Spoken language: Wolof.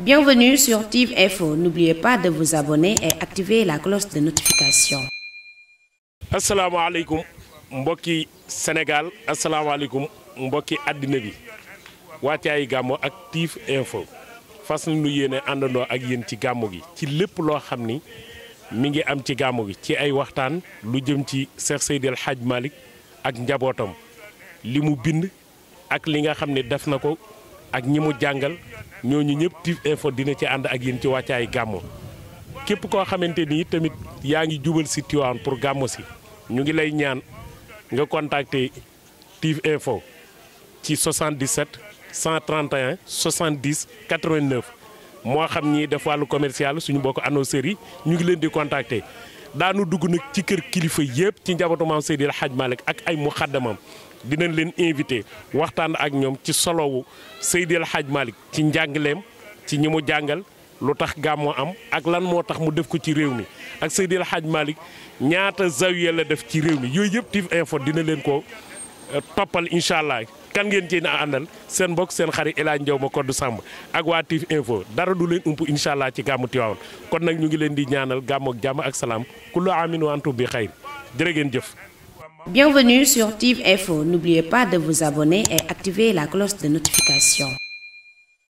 Bienvenue sur TIV Info. N'oubliez pas de vous abonner et activer la cloche de notification. Assalamu alaikum, mbokki Sénégal Assalamu alaikum, Mboki Adinevi. waataayu gàmmu ak TIV Info fas nous yéene andono ak yéen ci gàmmu gi ci lepp lo xamni mi ngi am ci gàmmu gi ci ay waxtaan lu jëm ci Cheikh El Hadj Malik ak njabotam limu bind ak li nga xamni def nako ak ñi mu jàngal ñooñu ñëpp TIV info dina ci ànd ak yéen ci wàcc ay gàmmu képp koo xamante nii tamit yaa ngi jubal si tiwaan pour gàmmu si ñu ngi lay ñaan nga contacter TIV info ci 77 131 70 89 moo xam ñi def wàllu commercial suñu bokk annonceurs yi ñu ngi leen di contacter. daanu dugg nag ci kër kilifa yëpp ci njabootu maam Seydi El Hadj ak ay muxaddamam dinañ leen invité waxtaan ak ñoom ci solowu Seydi El Hadj Malick ci njàngaleem ci ñi mu jàngal lu tax gàmmoo am ak lan moo tax mu def ko ci réew mi ak Seydi El Hadj Malick ñaata zawiya la def ci réew mi yooyu yëpp TIV info dina leen ko eh, toppal incha allah kan ngeen ci na àndal seen bokk seen xarit El Hadj Ndiaw ma Codou Samb ak waa TIV info dara du leen ump incha allah ci gàmmu Tiwaawan kon nag ñu ngi leen di ñaanal gàmmoog jàmm ak salaam kullu amin wa antum bi xayr jërë ngeen jëf. Bienvenue sur TIV info n'oubliez pas de vous abonner et activer la cloche de notification.